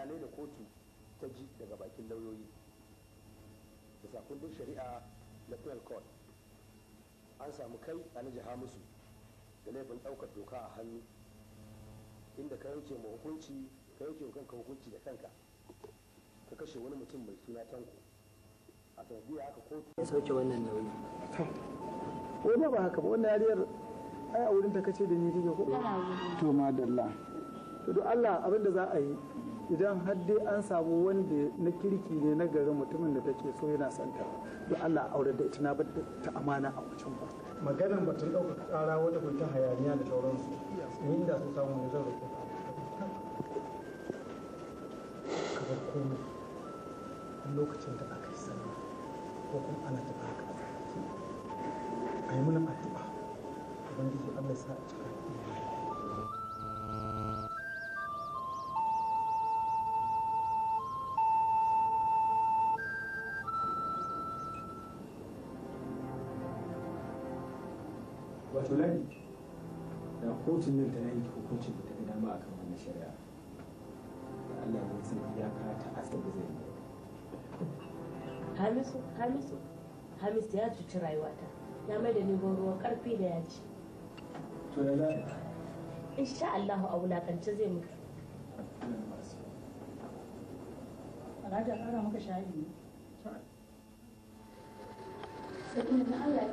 bayanai da kotu ta ji daga bakin lauyoyi da sakundin shari'a na penal court an samu kai a na jiha musu da laifin ɗaukar doka a hannu inda ka yanke ma hukunci ka yanke wa kanka hukunci da kanka ka kashe wani mutum mai suna tanko a sanadiyar haka kotu ya sauke wannan nauyi wani ba haka ba wannan yariyar ai a wurin ta kace da ni take ko to madalla to don Allah abin da za a yi idan har dai an samu wanda na kirki ne na garin mutumin da take so yana santa to Allah aure da ita na bar ta amana a wajen ba maganar batun ta ƙara wanda kun ta hayaniya da sauransu yin da su samu ne zan roƙe ka bar komai lokacin da aka yi sallah ko kuma ana tafi ka a yi mana addu'a ubangiji Allah ya sa a cikin wato ladi da kotun nan ta yanke hukuncin da ta dama akan wannan shari'a da Allah ya san iyaka ta asabi zai yi Hamisu Hamisu ya cuci rayuwata ya mai da ni ruwan karfi da yaji to da insha Allah a wulakance zai mutu ƙara maka ne. Sai ina na Allah ya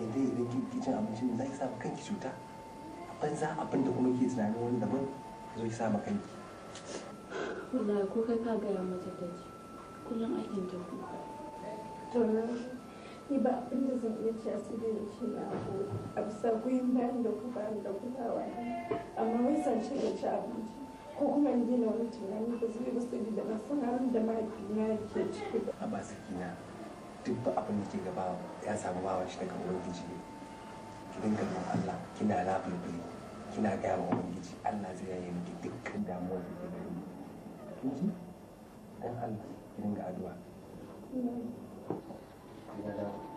yanzu idan ki ki cin abincin da zaki sa kanki cuta a banza abin da kuma ke tunanin wani daban ki zo ki sa kanki wallahi ko kai ka gaya mata ta ji kullum aikin ta kuka to ni ba abin da zan iya ci asiri da shi na ko a bisa goyon bayan da ku bayan da kulawa amma wai san shi da ci abinci ko kuma in gina wani tunani ba zai ba da na san halin da mahaifina ke ciki ba a ba sakina duk ba abin da ke gaba ya samu bawa shi daga ubangiji ne ki dinga roƙon Allah kina labulbuli kina gaya wa ubangiji Allah zai yaye miki dukkan damuwar da ke gare ni kin ji dan Allah ki dinga addu'a Thank you.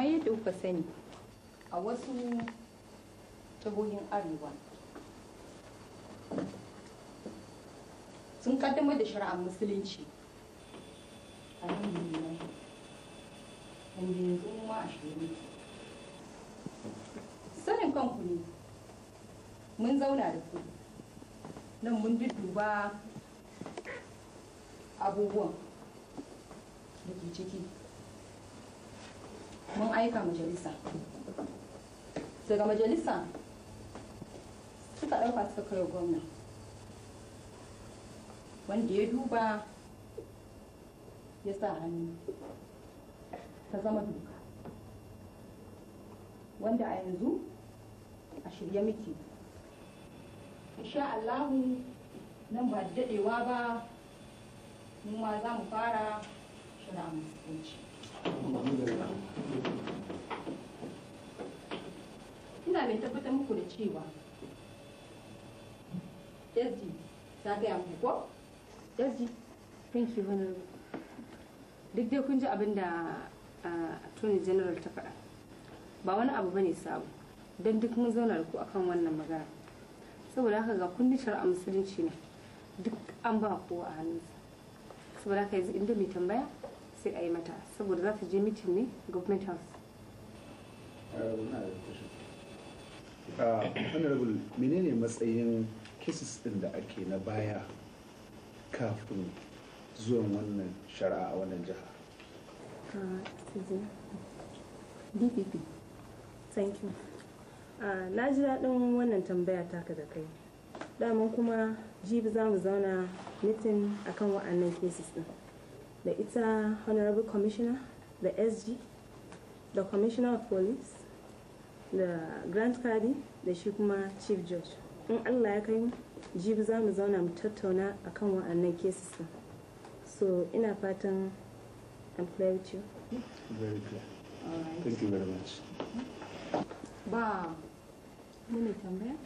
kamar yadda kuka sani a wasu jihohin arewa sun kaddamar da shari'ar musulunci a nan wanda yanzu ma a shirin sanin kanku ne mun zauna da ku nan mun duba abubuwan da ke ciki mun aika majalisa daga majalisa suka ɗauka suka kai gwamna wanda ya duba ya sa hannu ta zama duka, wanda a yanzu a shirye muke insha Allahu nan ba da daɗewa ba mu ma za mu fara shari'a musulunci ina mai tabbatar muku da cewa Desdi ta gaya muku ko? Desdi, thank you honorable. Duk dai kun ji abin da ah, Attorney General ta faɗa. Ba wani abu bane sabu. Don duk mun zauna da ku akan wannan magana. Saboda haka ga kundin a musulunci ne. Duk an ba kowa a hannunsa. Saboda haka yanzu inda mai tambaya sai a yi mata saboda za su je mitin ne government house ah, honorable menene matsayin cases din da ake na baya kafin zuwan wannan shari'a a wannan jiha dpp ah, thank you ah, na ji daɗin wannan tambaya taka da kai daman kuma jibi za mu zauna mitin akan wa'annan cases din the ITA Honorable Commissioner, the SG, the Commissioner of Police, the Grand Kadi, the shi kuma Chief Judge. In Allah ya kai jibi za mu zauna mu tattauna akan wa'annan cases din. So ina fatan I'm clear with you. Very clear. All right. Thank you very much. Ba, mu ne tambaya?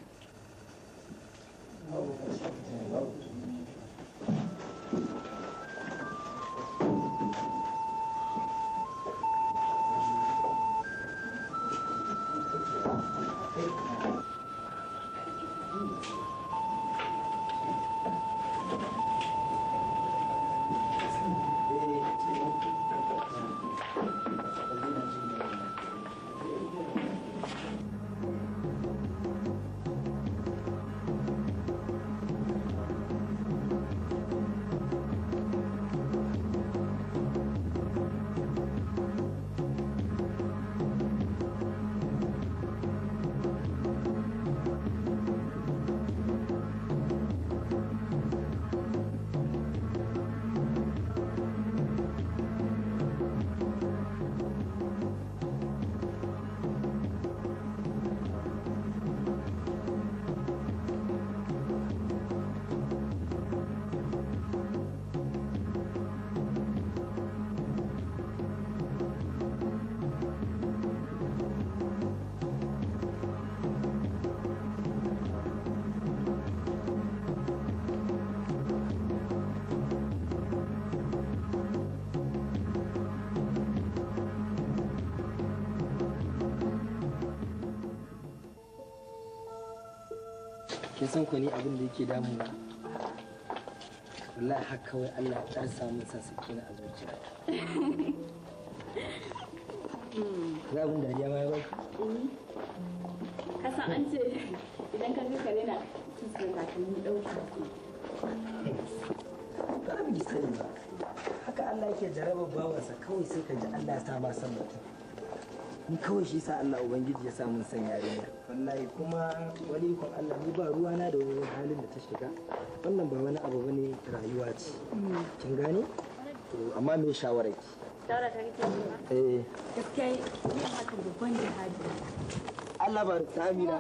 ku ne abin da yake damuna wallahi haka kawai Allah ya dan samu sa sakina na zuciya za abin da ya ya baki eh. ka san an ce idan ka ga kare na tuntun takalmi ɗauka ba mu sani ba haka Allah yake jarabar bawansa kawai sai ka ji Allah ya sa ma san mutum ni kawai shi sa Allah ubangiji ya sa mun san yarinya wallahi kuma wani kun Allah ni ba ruwa na da wani halin da ta shiga wannan ba wani abu bane rayuwa ce kin gane to amma me shawarar ki shawara ta kike eh gaskiya ni hakan babban jihadi Allah bar ta amina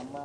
amma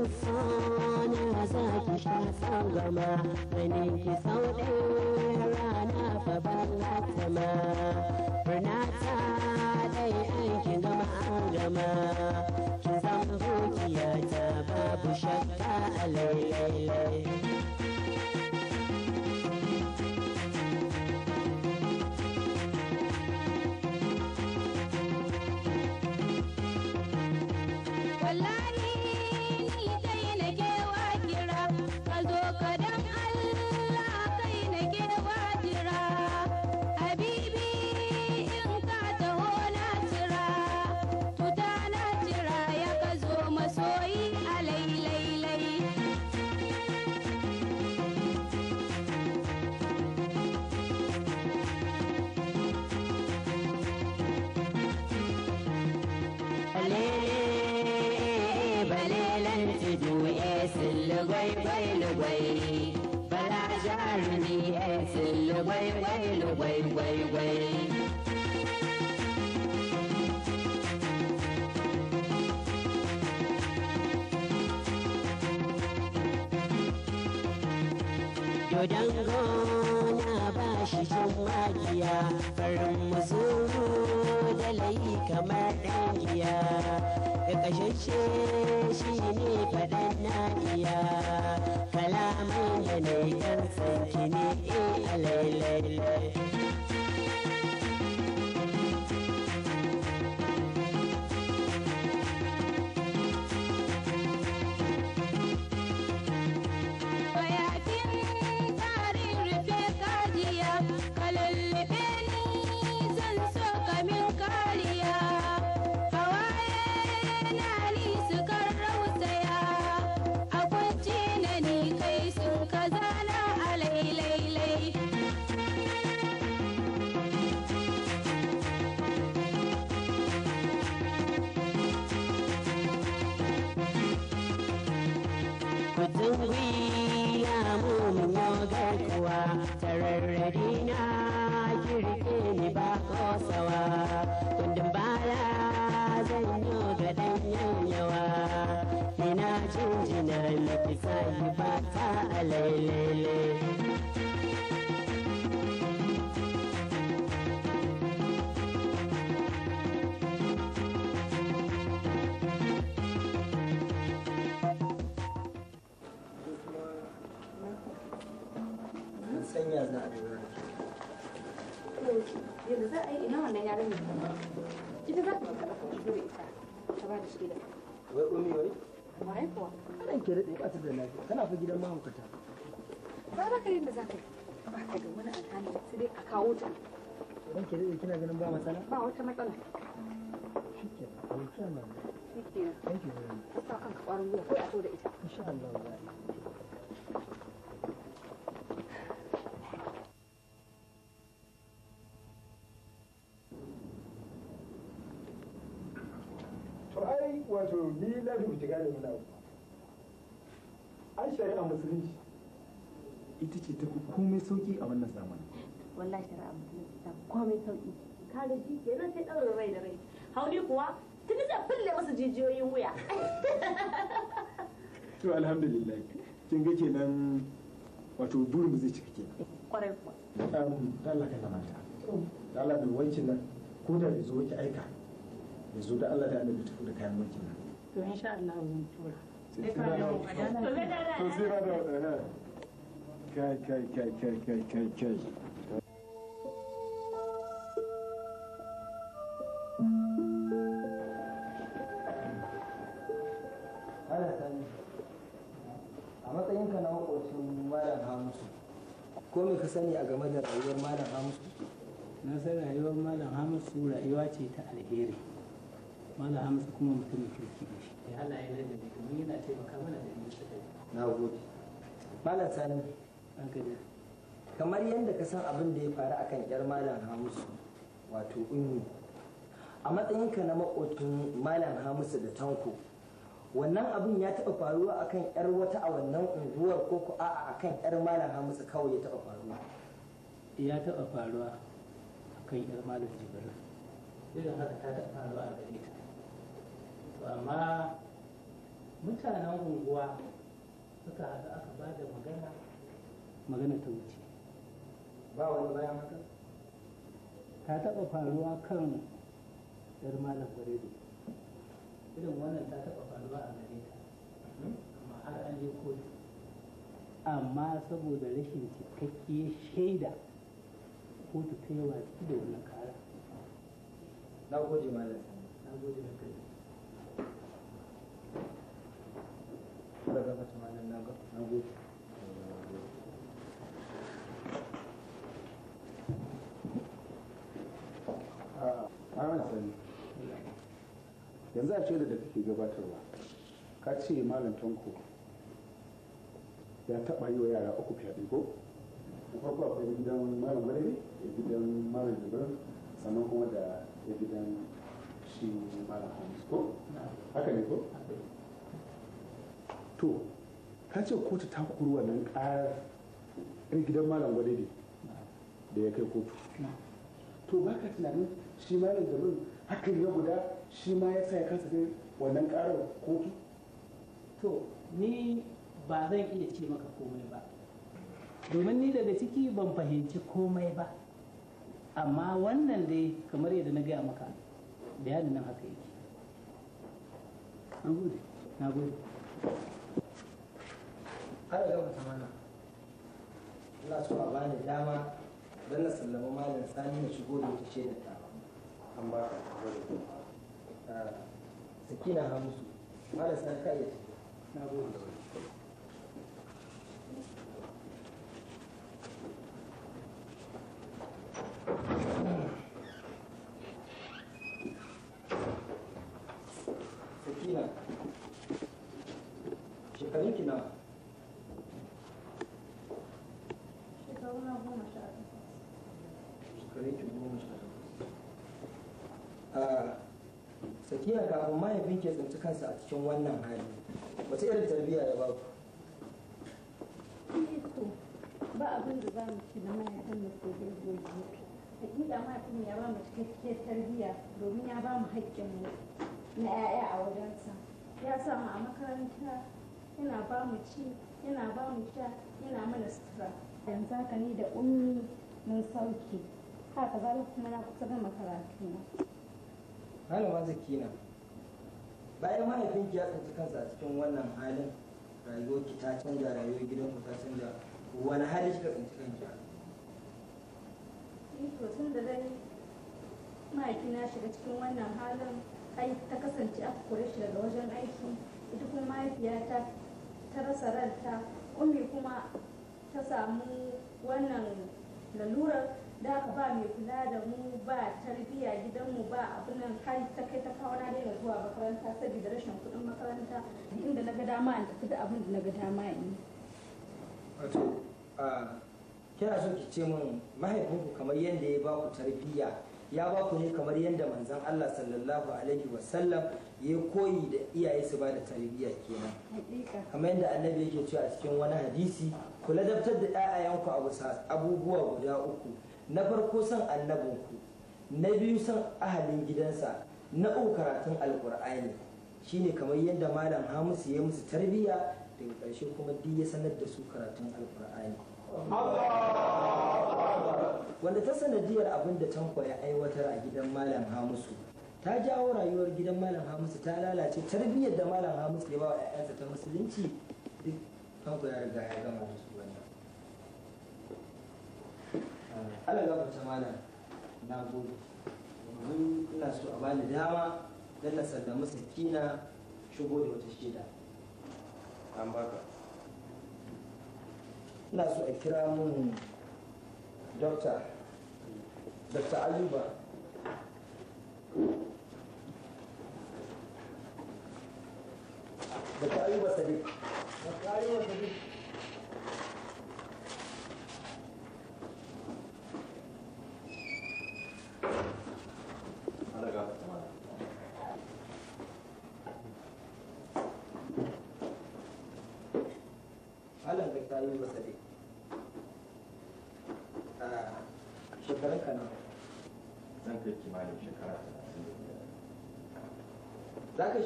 insana za ki sha sallama ganin kisa tudu esin lugwai gwai lugwai bala jarumi esin lugwai gwai gwai Yodan gona ba shi can magiya farin musuru da layi kamar ɗan giya da ƙashashe wannan yaran ne ita za ta maka ɗafa ta zo ita ta ba da shaida wai umi wai wai kuwa ana ke daɗe ba ta da lafiya Kana fa gidan mahaukata ba za ka yi da za ka yi ba ka ga wani alhali sai dai a kawo ta ran ke daɗe kina ganin ba matsala ba wata matsala shikenan shikenan thank you very much ka sa kanka ƙwarin gwiwa a to da ita insha Allah ai wato ni lafi ba shiga da wani ai shari'a musulunci ita ce ta komai sauki a wannan zamanin wallahi shari'a musulunci ta komai sauki ga shi kenan sai ɗaurin rai da rai hauni kuwa tuni da fille masa jijiyoyin wuya to alhamdulillah kin ga kenan wato burin zai cika kenan kwarai kuwa Allah ka zamanta Allah bai wancin nan ko da bai zo ki aika yanzu da Allah da annabi tafi da kayan mulkin nan to insha Allah zan tura to sai da eh, eh. kai kai kai kai kai kai kai malam hamisu ko me ka sani a game da rayuwar malam hamisu na san rayuwar malam hamisu rayuwa ce ta alheri malam hamisu kuma mutumin kirki da shi ya eh, Allah ya ladabi domin yana taimaka mana da yin shi na gode malam sani an gani kamar yadda ka san abin da ya faru akan yar malam hamisu wato ummi a matsayinka na makotin malam hamisu da tanko wannan abin ya taɓa faruwa akan yar wata a wannan unguwar ko ku a'a akan yar malam hamisu kawai ya taɓa faruwa eh, ya taɓa faruwa akan yar malam jibril irin haka ta taɓa faruwa a gare ta amma mutanen unguwa suka haɗu aka ba da magana magana ta wuce ba wani bayan haka ta taɓa faruwa kan yar malam gwaredo irin wannan ta taɓa faruwa a gare ta hmm? amma har an je kotu amma saboda rashin cikakkiyar shaida kotu ta yi watsi da wannan kara na gode malam na gode da kai Ah, yanzu a ce da kake gabatarwa ka ce malam tanko ya taɓa yi wa yara uku fiye ko na farko akwai gidan malam gwalere da gidan malam jibir, sannan kuma da gidan shi malam hamis ko haka ne ko to ka ce kotu ta kuru wannan karar gidan malam ne da ya kai kotu to ba ka tunanin shi malam jamin hakan ya guda shi ma ya sa ya kasa kai wannan ƙarar kotu to ni ba zan iya ce maka komai ba domin ni daga ciki ban fahimci komai ba amma wannan dai kamar yadda na gaya maka bayanin nan haka yake na gode na gode har ga mutum mana ina so a bani dama don na sallama malam sani na shigo da wata shaidar ta amma ah, sakina hamsu malam sani ka iya na gode kafin mahaifin ke tsinci kansa a cikin wannan hali wace irin tarbiyya ya ba ku eh ba abin da za mu ci na mahaifin da ke zai hakika ya ba mu cikakkiyar tarbiyya domin ya ba mu mu na 'ya'ya a wajensa ya sa mu a makaranta yana ba mu ci yana ba mu sha yana mana sutura yanzu haka ni da ummi mun sauke haka zalika kuma na kusa gama karatu na malama zakina bayan mahaifinki ya tsinci kansa a cikin wannan halin rayuwarki ta canja rayuwar gidanku ta canja wani hali kika tsinci kanki eh, to tun da dai mahaifina shiga cikin wannan halin ai ta kasance aka kore shi daga wajen aiki ita kuma mahaifiyata ta rasa ranta ummi kuma ta samu wannan lalurar da haka ba mai kula da mu ba tarbiyya gidanmu ba abu nan kai ta kai ta kawo na daina zuwa makaranta saboda rashin kuɗin makaranta inda na ga dama in tafi da abin da na ga dama yi. wato kina so ki ce min mahaifinku kamar yadda ya ba ku tarbiyya ya ba ku ne kamar yadda manzon Allah sallallahu alaihi wasallam ya koyi da iyaye su ba da tarbiyya kenan kamar yadda annabi yake cewa a cikin wani hadisi ku ladabtar da 'ya'yanku a abubuwa guda uku na farko son annabinku na biyu son ahalin gidansa na uku karatun alkur'ani shine kamar yadda malam hamisu ya musu tarbiyya daga ƙarshe kuma duk ya sanar da su karatun alkur'ani wanda ta sanadiyar abin da tanko ya aiwatar a gidan malam hamisu ta jawo rayuwar gidan malam hamisu ta lalace tarbiyyar da malam hamisu ya ba wa 'ya'yansa ta musulunci duk tanko ya riga ya gama da su ala gafarta malam na gode ina so a bani dama don na sallami sakina shigo da wata shida ina so a kira mun dokta dokta ayuba dokta Allah da a kai kimanin shekara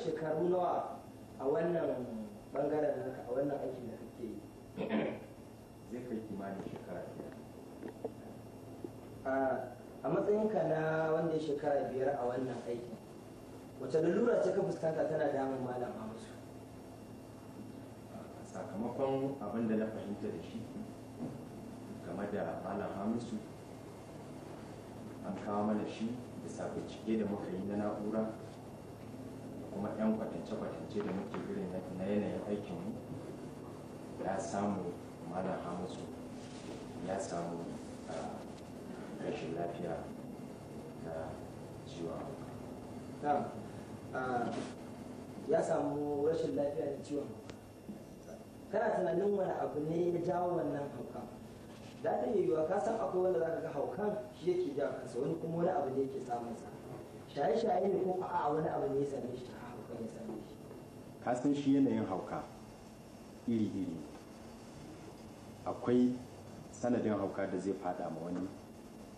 shekaru nawa a wannan bangaren naka a wannan aiki da kake yi zai kai kimanin shekara a a matsayinka na wanda ya shekara biyar a wannan aiki wace lalura ce ka fuskanta tana damun malam musu sakamakon abin da na fahimta da shi game da malam hamisu an kawo mana shi da safe cike da muka yi na na'ura kuma 'yan kwatance-kwatance da muke irin na yanayin aikinmu ya samu malam hamisu ya samu ah, rashin lafiya na ciwon hauka ah, ya samu rashin lafiya da ciwon hauka. kana tunanin wani abu ne ya jawo wannan hauka da ta yiwuwa ka san akwai wanda zaka ga haukan shi yake jawo kansa wani kuma wani abu ne yake samun sa shaye-shaye ne ko a wani abu ne ya same shi a haukan ya same shi ka san shi yanayin hauka iri-iri akwai sanadin hauka da zai fada ma wani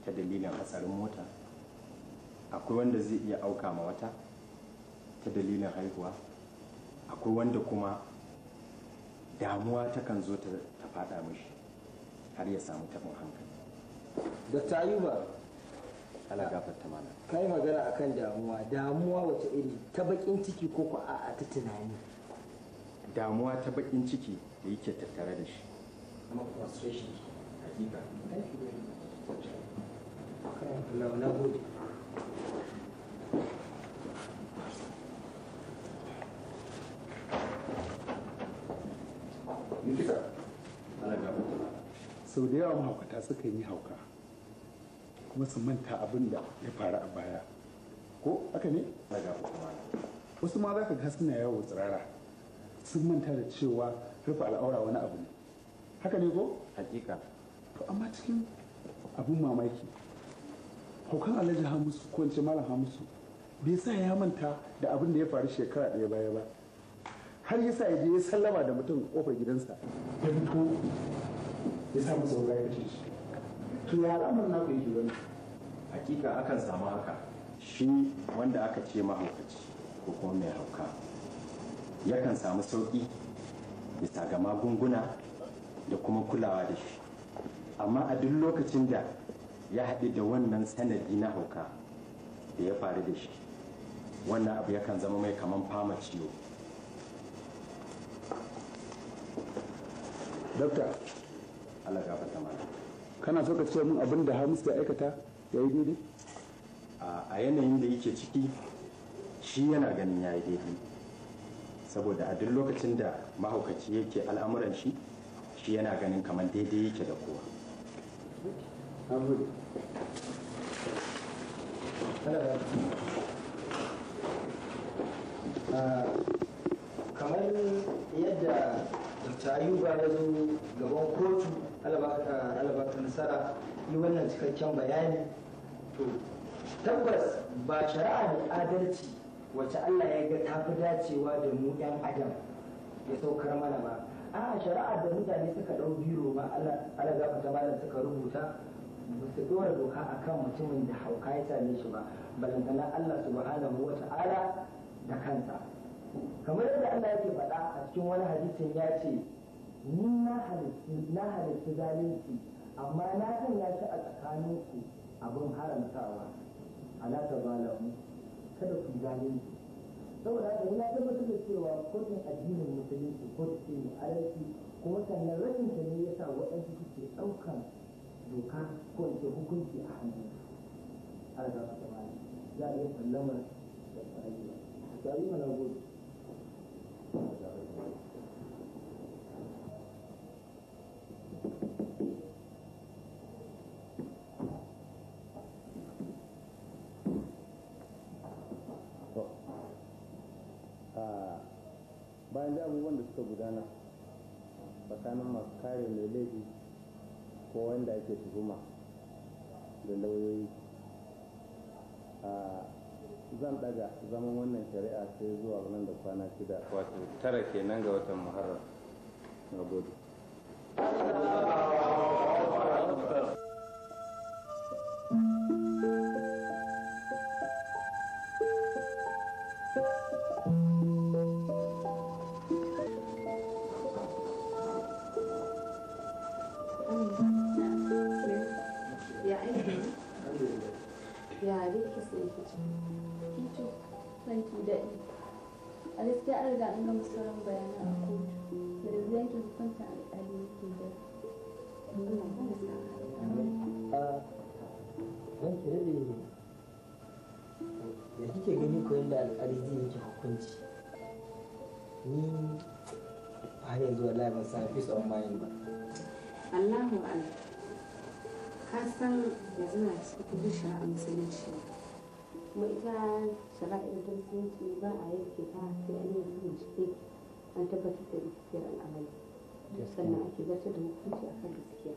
ta dalilin hatsarin mota akwai wanda zai iya auka ma wata ta dalilin haihuwa akwai wanda kuma damuwa ta kan zo ta fada mashi har ya samu tafin hankali da ayuba gafar gafarta mana ka yi magana akan damuwa damuwa wace iri ta bakin ciki ko ko a ta tunani damuwa ta bakin ciki da yake tattare da shi kuma sau da yawa mahaukata suka yi hauka kuma su manta abin da ya faru a baya ko aka ne? wasu ma za ka ga suna yawo tsirara sun manta da cewa rufe al'aura wani abu ne haka ne ko? hakika to amma cikin abin mamaki haukan alhaji hamisu ko in malam hamisu bai sa ya manta da abin da ya faru shekara ɗaya baya ba har yasa ya je ya sallama da mutum kofar gidansa ya fito ya samu sauka ya ya shi to ya al'amarin na kai hakika akan samu haka shi wanda aka ce mahaukaci ko kuma mai hauka yakan samu sauki bisa ga magunguna da kuma kulawa da shi amma a duk lokacin da ya haɗu da wannan sanadi na hauka da ya faru da shi wannan abu yakan zama mai kaman fama ciwo dokta Allah gafarta mana kana so ka ce mun abin da Hamis da aikata ya yi daidai a yanayin da yake ciki shi yana ganin ya yi daidai saboda a duk lokacin da mahaukaci yake al'amuran shi shi yana ganin kamar daidai yake da kowa Uh, kamar yadda dr ayuba ya zo gaban kotu alabata nasara yi wannan cikakken bayani to tabbas ba shari'a da adalci wacce allah ya ga tafi dacewa da mu 'yan adam ya saukar mana ba a shari'a da mutane suka ɗau biro ma ala ta malam suka rubuta ba su dora doka a kan mutumin da hauka ya same shi ba balantana Allah subhanahu wa ta'ala da kansa kamar yadda Allah yake faɗa a cikin wani hadisin ya ce ni na halittu na zalunci amma na ya shi a tsakaninku abin haramtawa ala tabalamu kada ku zalunci saboda haka ina tabbatar da cewa kotun addinin musulunci ta ce mai adalci ko sannan rashin ta ne yasa waɗansu suke ɗaukan doka ko in ce hukunci a hannu ana za su ba za a iya sallama da tsariya tsariya na gudu bayan da abubuwan da suka gudana tsakanin masu kare mai laifi ko wanda ake tuhuma da lauyoyi a zan daga zaman wannan shari'a sai zuwa nan da kwana shida wato tara kenan ga watan muharram na gode musulunci kuma ita shari'ar musulunci ba a yanke ta sai an yi bincike an tabbatar da gaskiyar al'amari sannan ake zartar da hukunci akan gaskiya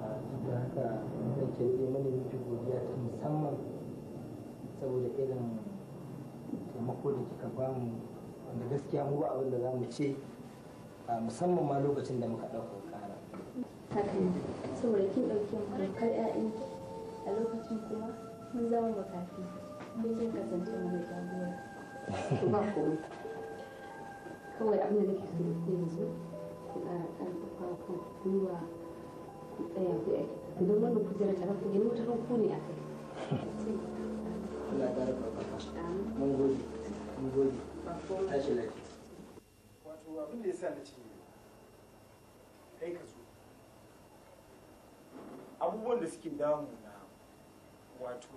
duk da haka zan kirɗe mana miki godiya ta musamman saboda irin taimako da kika bamu wanda gaskiya mu ba abin da za mu ce musamman ma lokacin da muka ɗauka ƙara. Haka saboda kin ɗauki ɗaukar 'ya'yanki a lokacin kuma mun zama makafi sai kin kasance mana jagora ba komai kawai abin da nake so ku yanzu ku ƙara ku gwiwa ku tsaya ku yi don ku jira da ku gani wata ku ne a kai Allah mun gode ya na ka zo abubuwan da suke damu wato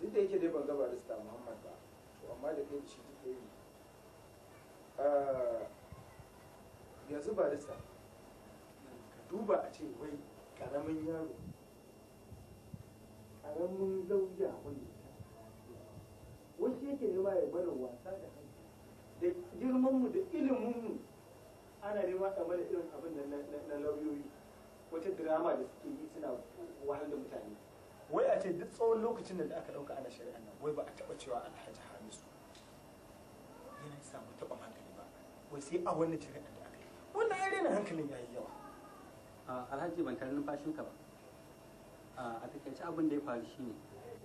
duk da yake dai ban gaba da muhammad ba to amma da kai da shi duk ɗaya ah, yanzu ba da ka duba a ce wai karamin yaro karamin lauya wani wasu yake nema ya bada wasa da hankali da girmanmu da iliminmu ana nema game da irin abin na lauyoyi wata drama da suke yi suna wahalar da mutane wai a ce duk tsawon lokacin da aka ɗauka ana shari'a nan wai ba a taɓa cewa alhaji hamisu yana samu taɓa hankali ba wai sai a wannan shari'a da aka yi wannan ya rena hankalin ya yi yawa alhaji ban karin numfashinka ba a takaice abin da ya faru shine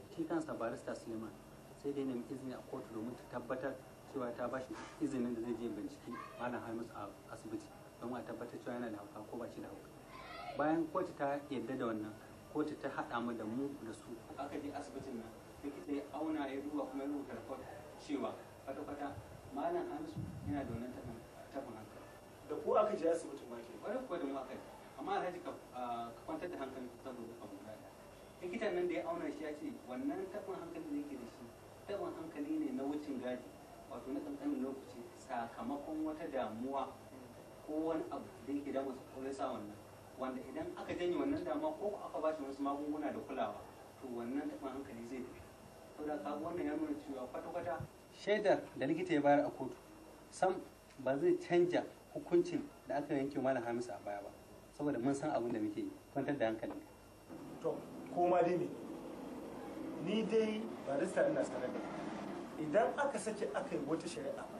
shi kansa barista suleiman sai dai nemi izini a kotu domin ta tabbatar cewa ta bashi izinin da zai je bincike malam hamisu a asibiti don a tabbatar cewa yana da hauka ko ba shi da hauka bayan kotu ta yadda da wannan kotu ta haɗa mu da mu da su aka je asibitin nan likita ya auna ya duba kuma ya rubuta report cewa kwata-kwata malam hamisu yana da wannan tabin hankali da ku aka je asibitin ma ke wani kuwa da mu aka amma alhaji ka kwantar da hankali saboda abu guda likitan nan da ya auna shi ya ce wannan tabin hankali da yake da shi tabin hankali ne na wucin gadi wato na ƙanƙanin lokaci sakamakon wata damuwa ko wani abu da yake damu ko ya sa wannan wanda idan aka janye wannan dama ko aka ba shi wasu magunguna da kulawa to wannan taɓa hankali zai tafi saboda ka wannan ya nuna cewa kwata-kwata shaidar da likita ya bayar a kotu sam ba zai canja hukuncin da aka yanke malam hamisu a baya ba saboda mun san abin da muke yi kwantar da hankali to ko ma dai ne ni dai barista ina sanar da idan aka sake aka yi wata shari'a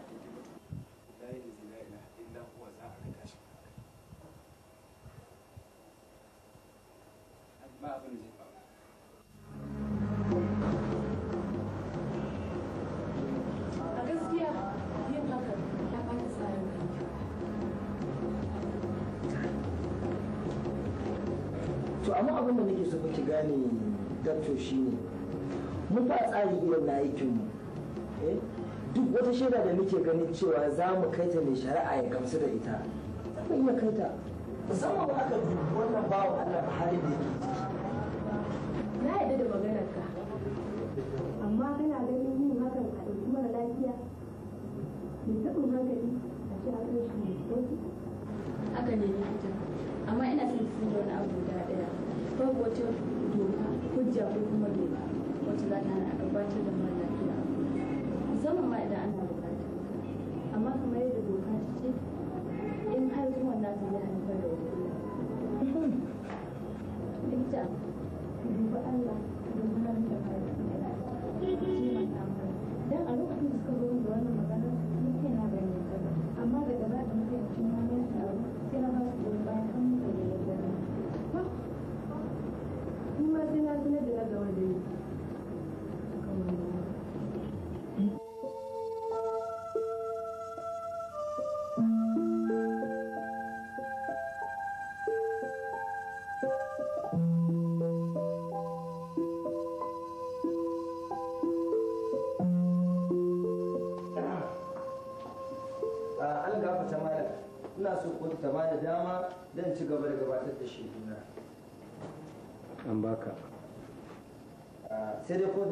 amma abin da nake so ki gane dakto shine mu ba tsari irin na aikin mu eh, duk wata shaida da muke ganin cewa za mu kai ta mai shari'a ya gamsu da ita za mu iya kai ta musamman ba aka dubi wannan bawa Allah ba hali da yake ciki na yadda da maganar ka amma kana ganin yin hakan a ɗauki mara lafiya mai taɓin hankali a ce a kan shi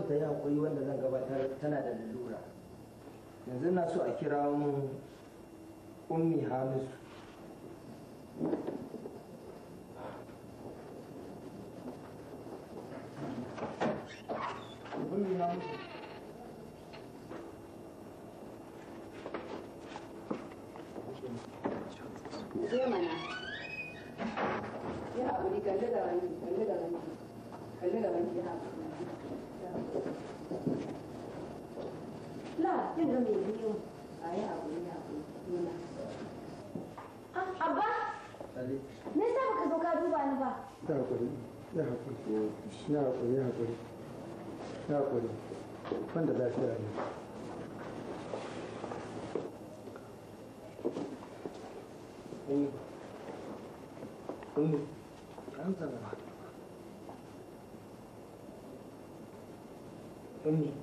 ku ta yi haƙuri wanda zan gabatar tana da lalura yanzu na so a kira mu ummi hamisu Yeah, Abba, me yasa baka zo ka duba ni ba? Ya hakuri, ya hakuri, ya hakuri, ya ya hakuri, da lafiya ne. Ummu, an zama. Ummu.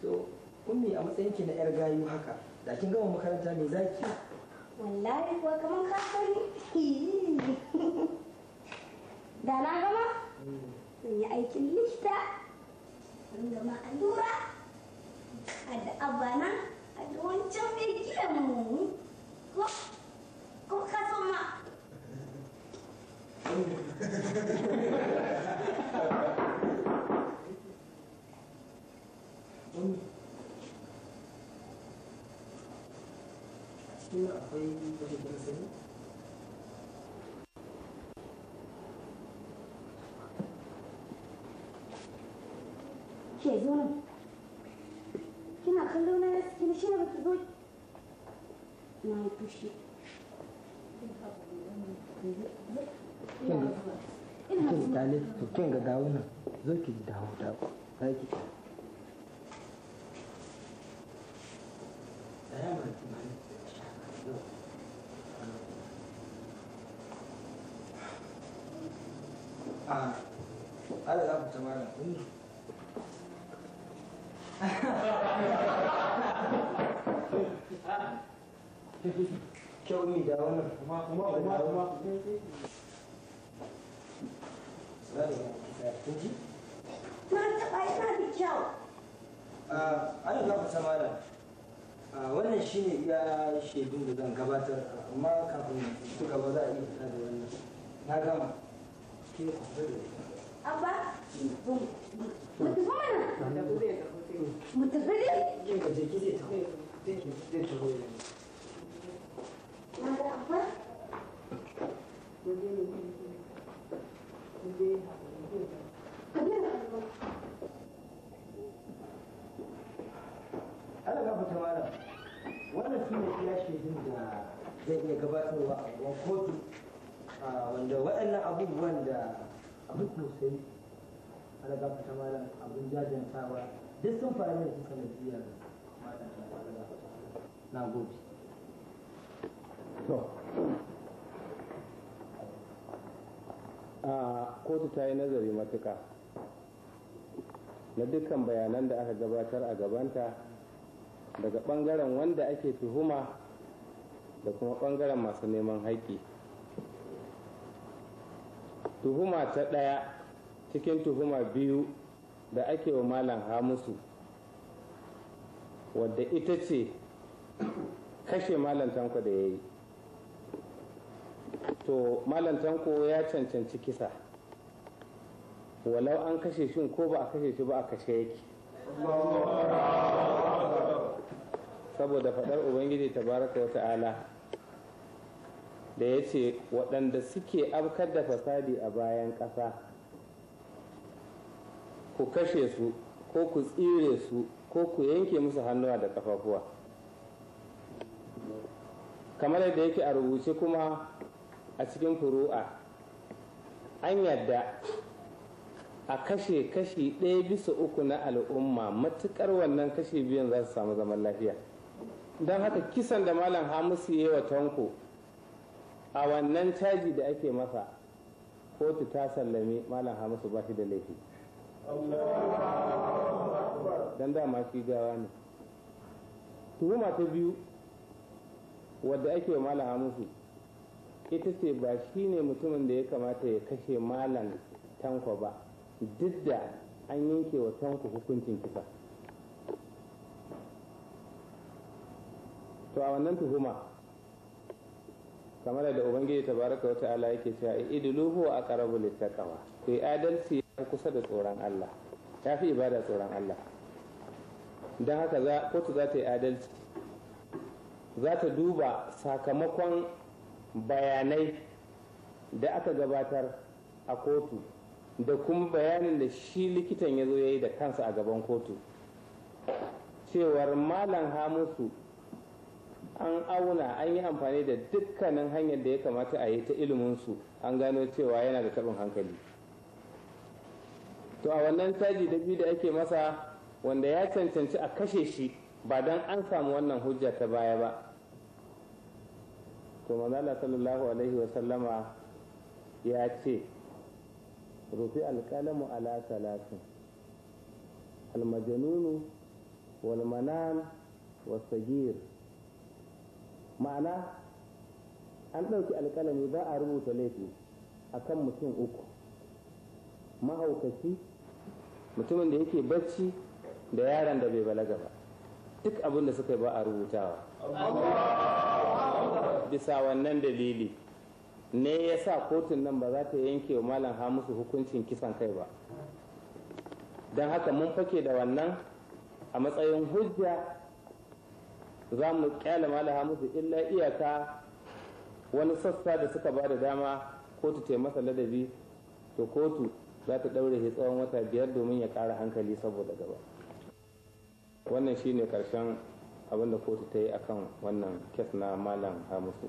to ummi a matsayin ki na yar gayu haka da kin gama makaranta me zaki wallahi kuwa kaman ka sani da na gama zan yi aikin lista zan gama allura a da abana a da wancan mai gidan mu ko ko ka so ma ke kina kallo na ya kini shi ba ki zo na yi fushi kin ga dawo nan zo ki dawo dawo أبا متفرد متفرد ta yi nazari matuka na dukkan bayanan da aka gabatar a gabanta daga ɓangaren wanda ake tuhuma da kuma ɓangaren masu neman haƙƙi tuhuma ta ɗaya cikin tuhuma biyu da ake wa malam hamusu wadda ita ce kashe malam tanko da ya yi to malam tanko ya cancanci kisa walau an kashe shi ko ba a kashe shi ba a kashe yake saboda faɗar ubangiji tabaraka wa ta'ala da ya ce waɗanda suke abkar da fasadi a bayan ƙasa ku kashe su ko ku tsire su ko ku yanke musu hannuwa da ƙafafuwa kamar yadda yake a rubuce kuma a cikin furu'a an yadda a kashe kashi ɗaya bisa uku na al'umma matukar wannan kashe biyan za su samu zaman lafiya don haka kisan da malam hamisu ya wa tanko a wannan caji da ake masa kotu ta sallame malam hamisu ba shi da laifi don dama shi gawa ne tuhuma ta biyu wadda ake wa malam hamisu ita ce ba shi ne mutumin da ya kamata ya kashe malam tanko ba duk da an yanke wa tanku hukuncin kisa to a wannan tuhuma kamar da ubangiji ta baraka wa ta'ala yake cewa idluhu a qarabu to yi adalci ya fi kusa da tsoron Allah ya fi ibada tsoron Allah don haka kotu za ta yi adalci za ta duba sakamakon bayanai da aka gabatar a kotu da kuma bayanin da shi likitan ya zo ya yi da kansa a gaban kotu cewar malam hamusu an auna an yi amfani da dukkanin hanyar da ya kamata a yi ta iliminsu an gano cewa yana da taɓin hankali to a wannan caji da biyu da ake masa wanda ya cancanci a kashe shi ba don an samu wannan hujja ta baya ba to manzala sallallahu alaihi wasallama ya ce rufi alƙalamu ala talatin almajanunu walmanan wasagir ma'ana an ɗauki alƙalami ba a rubuta laifi a kan mutum uku mahaukaci mutumin da yake bacci da yaran da bai balaga ba duk abin da suka yi ba a rubutawa bisa wannan dalili ne ya sa kotun nan ba za ta yanke wa malam hamisu hukuncin kisan kai ba don haka mun fake da wannan a matsayin hujja za mu kyale malam hamisu illa iyaka wani sassa da suka ba da dama kotu ta masa ladabi to kotu za ta ɗaure shi tsawon wata biyar domin ya ƙara hankali saboda gaba wannan shine karshen abin da kotu ta yi akan wannan kes na malam hamisu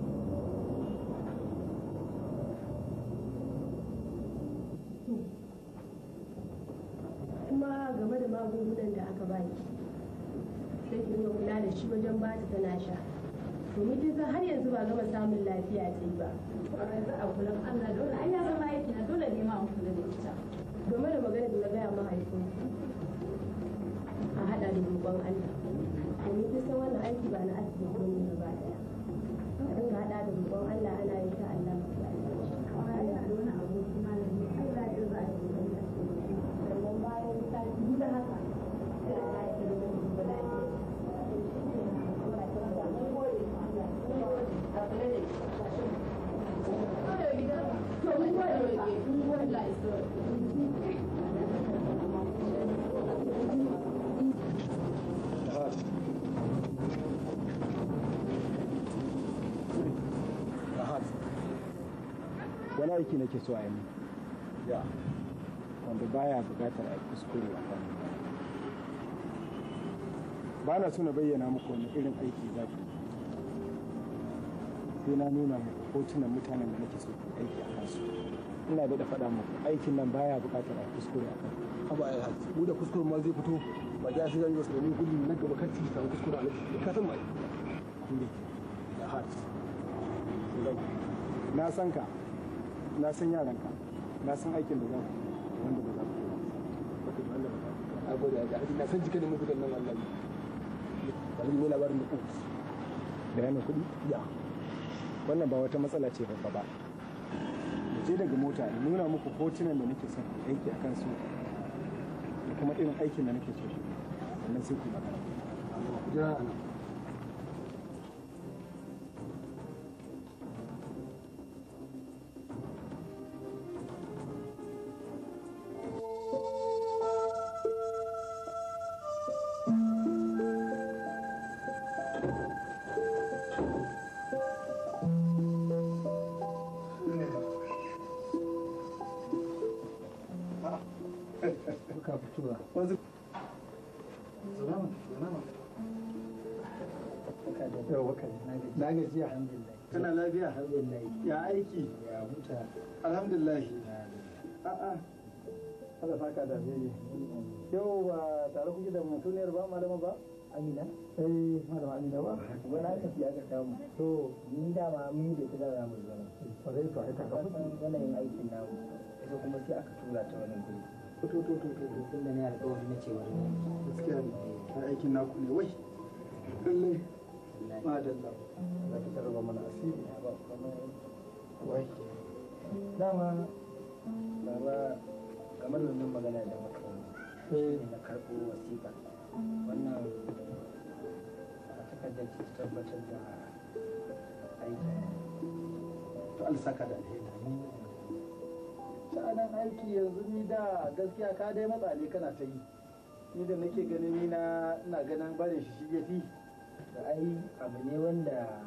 kula da shi wajen ba ta tana sha domin kin san har yanzu ba gama samun lafiya ta yi ba yanzu a kula Allah dole ai ya zama aiki na dole ne ma an kula da ita game da magana da na gaya mahaifin a hada da roƙon Allah domin kin san wannan aiki ba na asibiti ne gaba daya a dinga hada da roƙon Allah ana yi ta Allah wani aiki nake so a yi min wanda baya bukatar a kuskure a kan ba na suna na bayyana muku wani irin aiki za ku sai na nuna muku hotunan mutanen da nake so aiki a kansu ina da faɗa muku aikin nan baya bukatar a kuskure a kan abu a yi mu da kuskure ma zai fito ba ja shi zan yi wasu domin gudun na gaba kan cikin kuskure a nan ka san mai na san ka na san yaran ka na san aikin da za wanda ba za ku ba na san Allah ne labarin da da yana ya wannan ba wata matsala ce babba ba je daga mota in nuna muku hotunan da nake son aiki a su da kuma irin aikin da nake so sannan sai ku magana ku jira a nan alhamdulillah a'a Allah da yau ba tare kuke da mutuniyar ba malama ba amina eh malama amina ba wani samu to ni mun da kira da mu zama kwarai to ai ka yanayin aikin kuma sai aka tura ta wani guri to to to to to tun da alƙawari na cewa gaskiya ne aikin naku ne wai madalla za ki tarba mana asiri wai dama baba kamar wannan magana da muka yi na karɓo wasiƙa wannan a takardar ce tabbatar da aikin to an saka da alheri nan aiki yanzu ni da gaskiya ka dai matsa kana ta yi ni da nake ganin ni na ina ganin barin shi shi yafi da ai abu ne wanda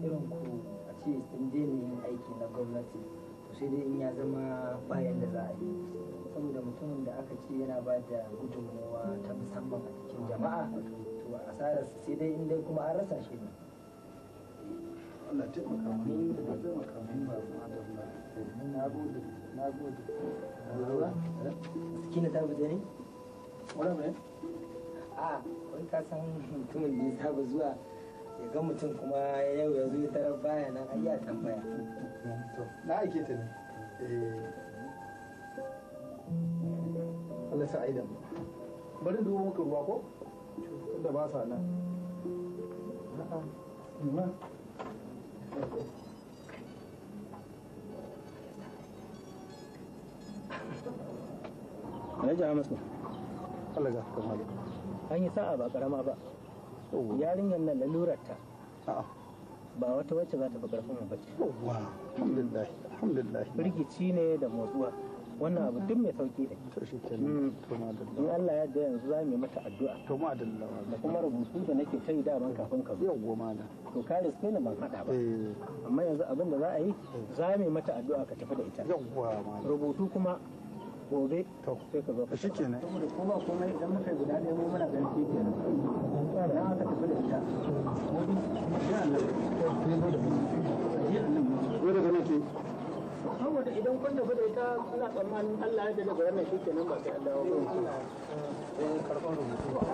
irin ku a ce sun daina yin aiki na gwamnati sai dai in ya zama bayan da za a yi saboda mutumin da aka ce yana ba da gudunmawa ta musamman a cikin jama'a to a asarar sai dai in dai kuma an rasa shi ne Allah taimaka mu da taimaka mu ba ma da mu na gode na gode Allah kina ta buje ne wala ne a wani ka san mutumin da ya saba zuwa ya ga mutum kuma yau ya zo ya tarar baya nan ai ya na aike Allah sa aidan bari ruwa ko ba sa nan ja masu Allah ga an yi sa'a ba karama ba yarinyar nan lalurarta a'a ba wata wacce za ta fi karfin mu bace yawwa alhamdulillah alhamdulillah rigici ne da motsuwa wannan abu duk mai sauki ne to shi mm. to in Allah ya yarda yanzu za mu yi mata addu'a to madalla da kuma rubutu da nake ta yi da kafin ka zo goma na. to ka riske ni ban hada ba eh. amma yanzu abin da za a yi eh. za mu yi mata addu'a ka tafi da ita yawwa rubutu kuma gobe sai ka zo ka ba komai idan muka guda muna ganin saboda idan kun tafi da ita kuna tsammanin Allah ya da daga wannan shi kenan ba sai Allah eh, ya karɓar rubutu ba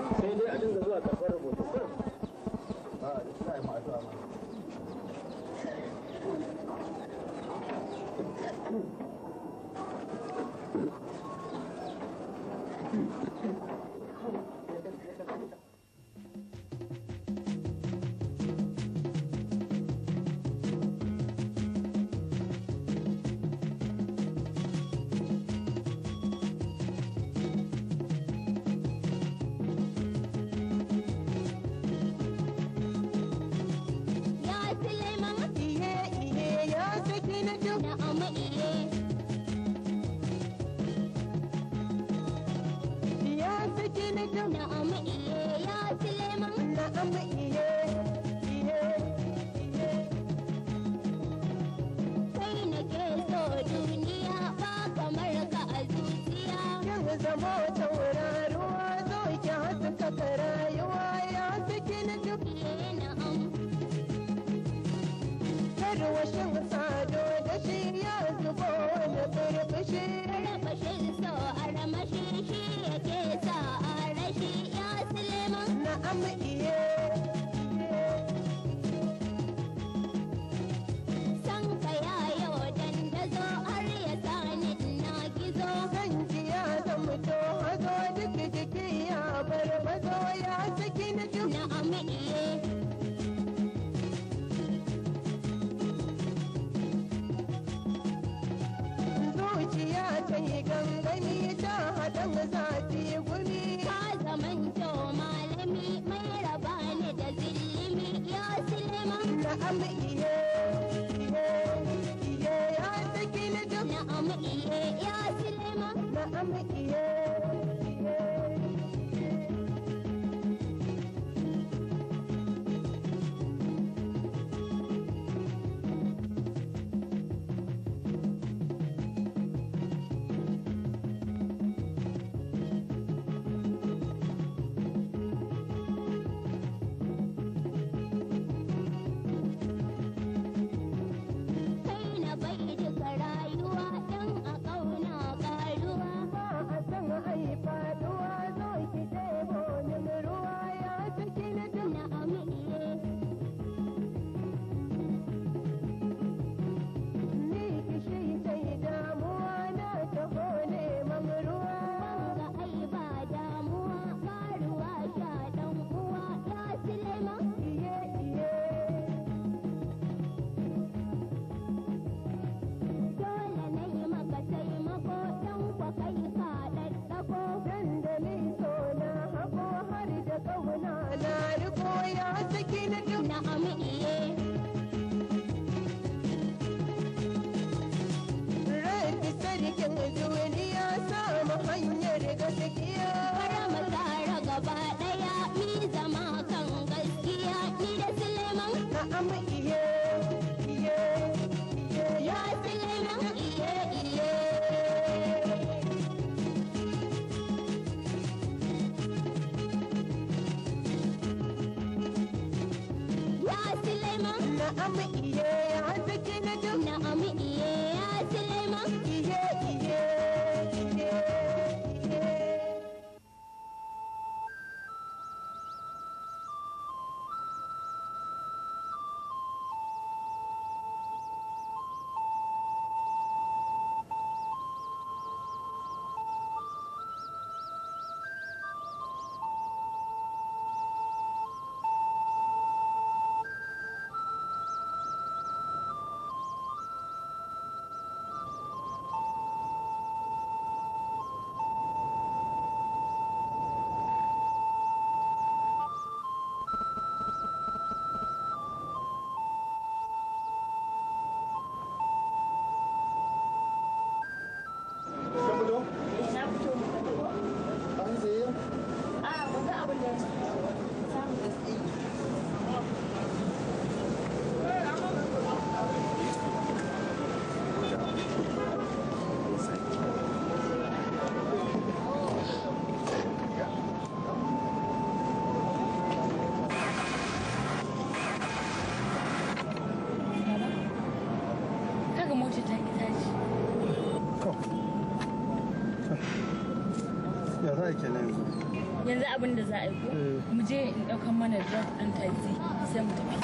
abin da za a yi ko mu je in ɗaukan mana drop ɗin taxi sai mu tafi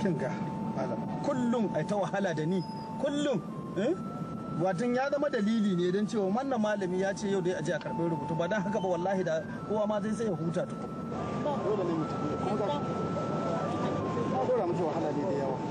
kin ga malam kullum ai ta wahala da ni kullum eh? watan ya zama dalili ne don cewa wannan malami ya ce yau dai a a karɓar rubutu ba don haka ba wallahi da kowa ma zai sai ya huta tukun dole ne mu tafi kuma ga dora mutu wahala ne da yawa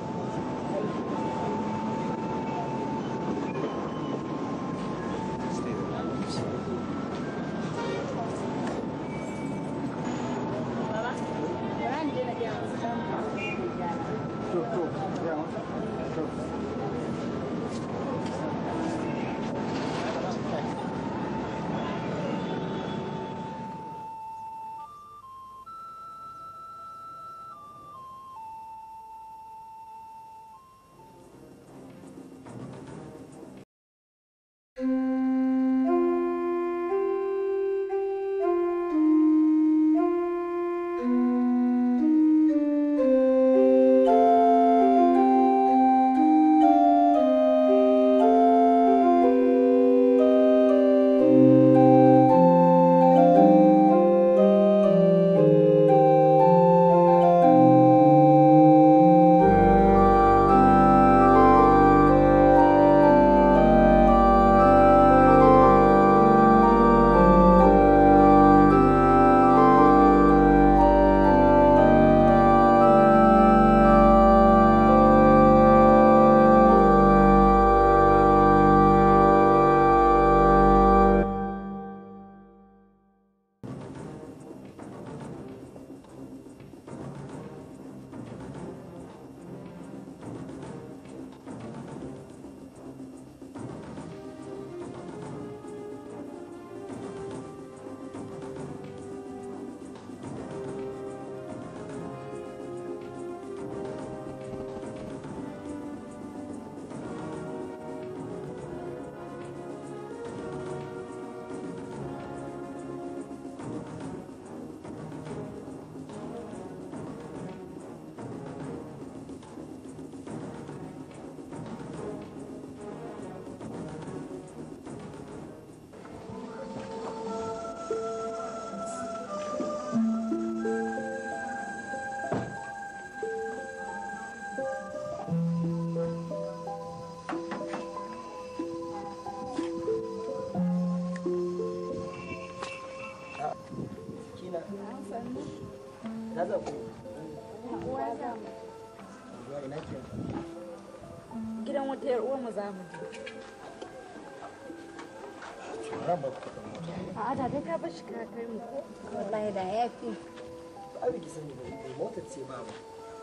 ce babu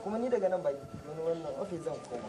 kuma ni daga nan ba wani wannan ofis zan koma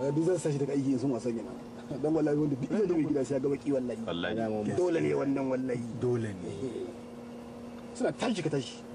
eh duk zan sashi daga aiki sun wasan yana dan wallahi wanda duk da mai gida sai ga baki wallahi dole ne wannan wallahi dole ne suna tashi ka tashi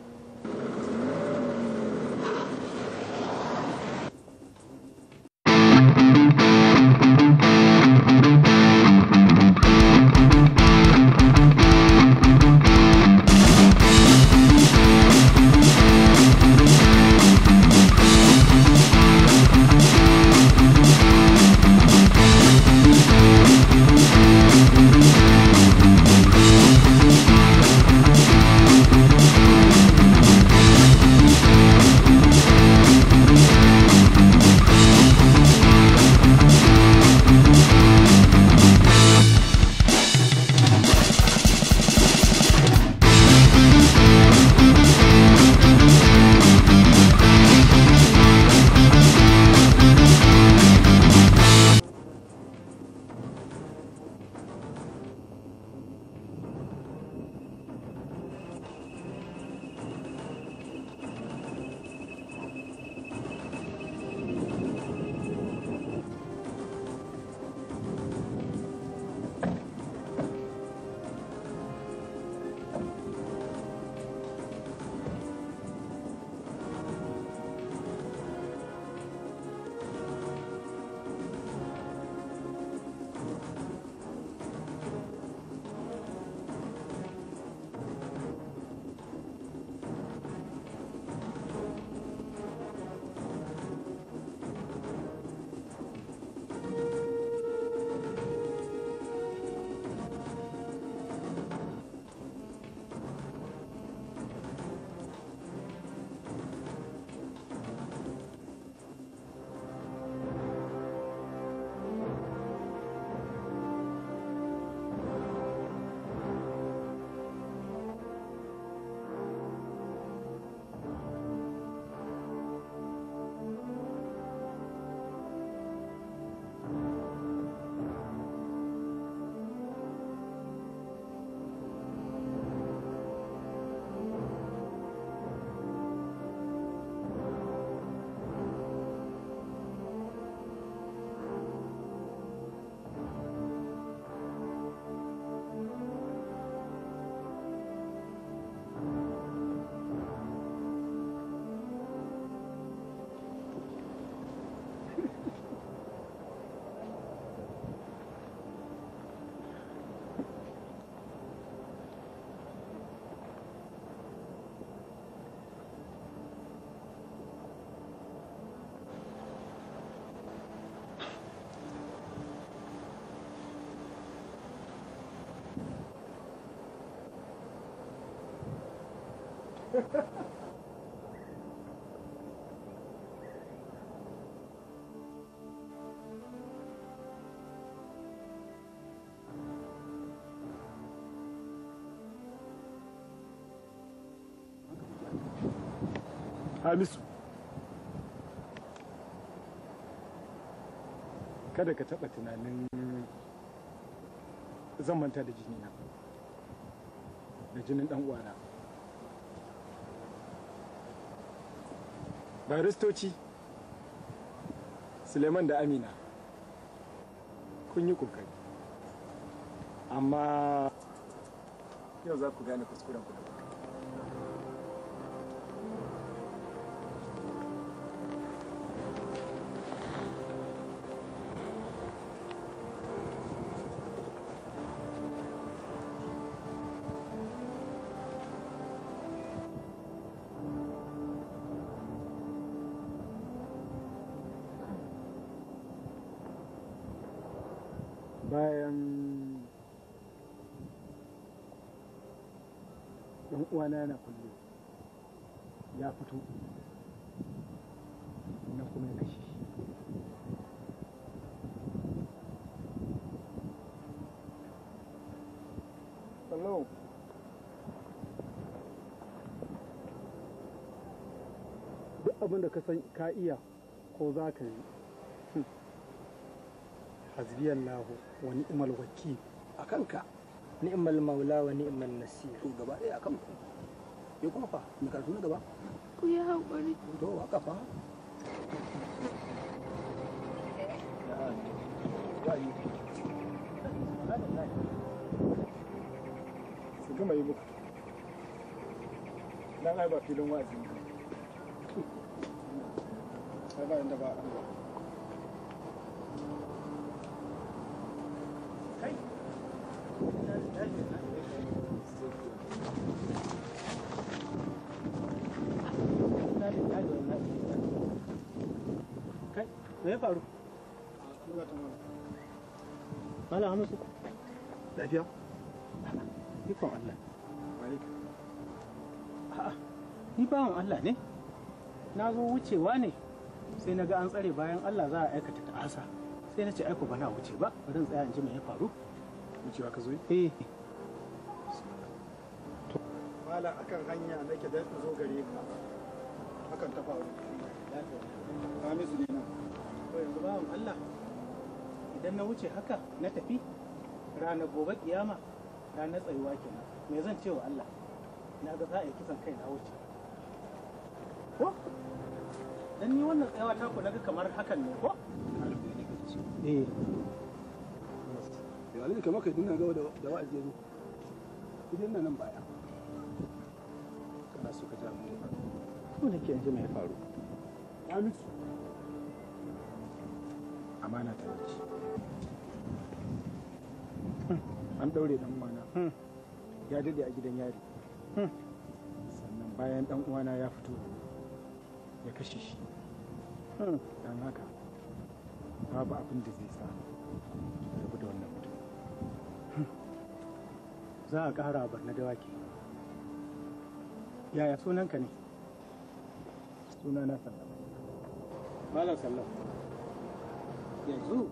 Hamisu. Kada ka taɓa tunanin zan manta da na da jinin ɗan uwana. baristoci suleiman da amina kun yi kokari amma yau za ku gane kuskuren kudu ba. abin da ka san ka iya ko za ka yi hmm. hasbiyan lahu wa ni'mal wakil a kanka ni'mal maula wa ni'mal nasir to gaba ɗaya a kanku ya kuma fa mai karatu na gaba ku yi haƙuri to haka fa su gama yi muku dan ai ba filin wa'azi ne sai ba inda ba Allah kai kai me ya faru Malam Hamisu lafiya ikon Allah ni bawan Allah ne na zo wucewa ne sai na ga an tsare bayan Allah za a aikata ta'asa sai na ce aiko ba na wuce ba bari in tsaya in ji me ya faru wucewa ka zo eh mala akan hanya nake da zo gare ka hakan ta faru Hamisu ne nan to yanzu mu Allah idan na wuce haka na tafi ranar gobe kiyama ranar tsayuwa kenan me zan ce wa Allah na ga za a yi kisan kai na wuce dan ni wannan tsayawa ta ku naga kamar hakan ne ko eh ya kamar kai ga da wa'azi ne idan nan nan baya kana so ka yanzu mai faru ya mutu amana ta wuce hmm. an daure dan uwana hmm. ya dade a gidan yari hmm. sannan bayan dan uwana ya fito ya kashe shi don haka babu abin da zai sa rabu da wannan mutum za a ƙara barna dawaki yaya sunanka ne Suna sunana sallam malam sallam yanzu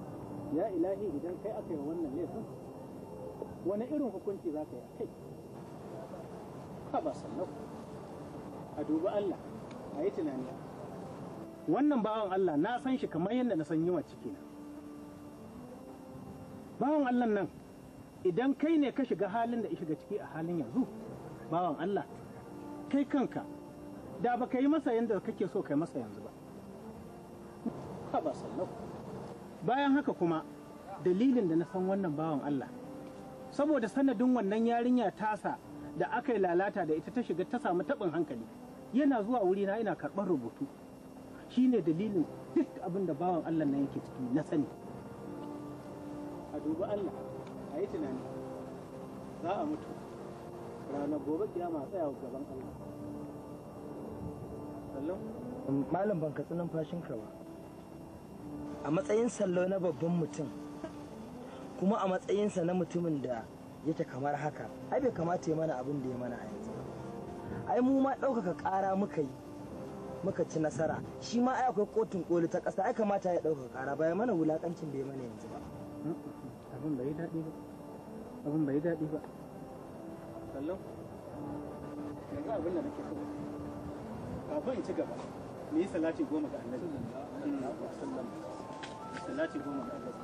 ya ilahi idan kai aka yi wannan laifin wani irin hukunci za ka yi kai ha ba sallam a duba allah a yi tunani wannan bawan Allah na san shi kamar yadda na san yunwa cikina bawan Allah nan idan kai ne ka shiga halin da ya shiga ciki a halin yanzu bawan Allah kai kanka da ba ka yi masa yadda kake so kai masa yanzu ba bayan haka kuma dalilin da na san wannan bawan Allah saboda sanadin wannan yarinya tasa da aka yi lalata da ita ta shiga ta samu taɓin hankali yana zuwa wurina ina karɓar rubutu shine dalilin duk abin da bawan Allah na yake ciki na sani a dubi Allah a yi tunani za a mutu ranar gobe kiyama tsaya gaban Allah sallam malam ban katsi numfashinka ba a matsayin sallo na babban mutum kuma a matsayinsa na mutumin da yake kamar haka ai bai kamata ya mana abin da ya mana a yanzu ai mu ma ɗaukaka ƙara muka yi muka ci nasara shi ma ai akwai kotun koli ta kasa ai kamata ya ɗauka ƙara baya mana wulakancin bai mana yanzu ba abin bai dadi ba abin bai daɗi ba sallau yanzu abin da nake so kafin in ci gaba me yi salati goma ga annabi salati goma ga annabi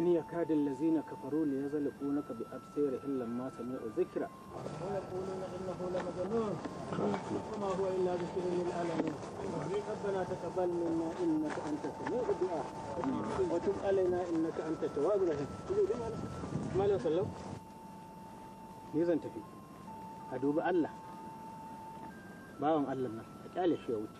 in yakadin lazina kafaru ya zala kuna ka bi absira illan ma sami wa zikira wala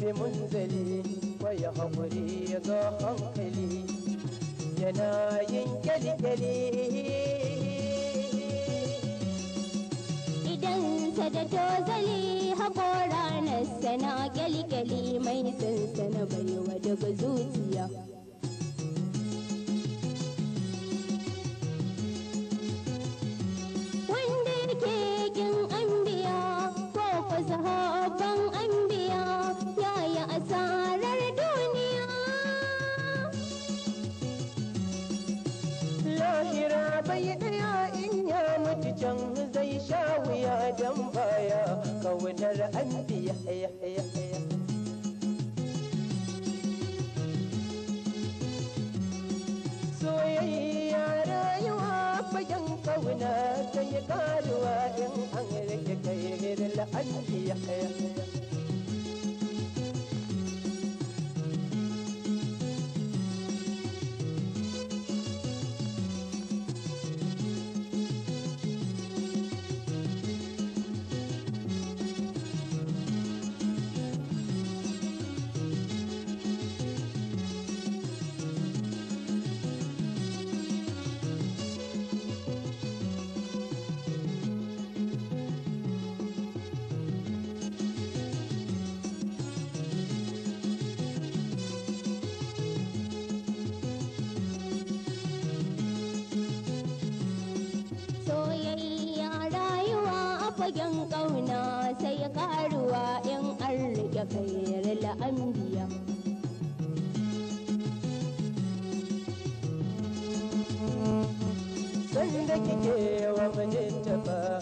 bi munzali waya haƙuri ya zo hankali yana yin kyalkyali. idan sa da tozali haƙora na sana kyalikyali mai sansana baiwa daga zuciya ay, qué ay, eh. an biya da kike wa mijinta ba